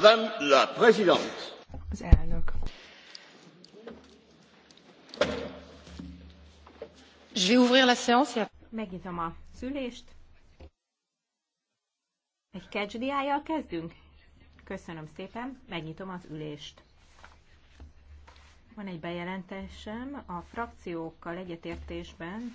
Madame Az elnök. Megnyitom a szülést. Egy kecsdiájjal kezdünk? Köszönöm szépen, megnyitom az ülést. Van egy bejelentésem, a frakciókkal egyetértésben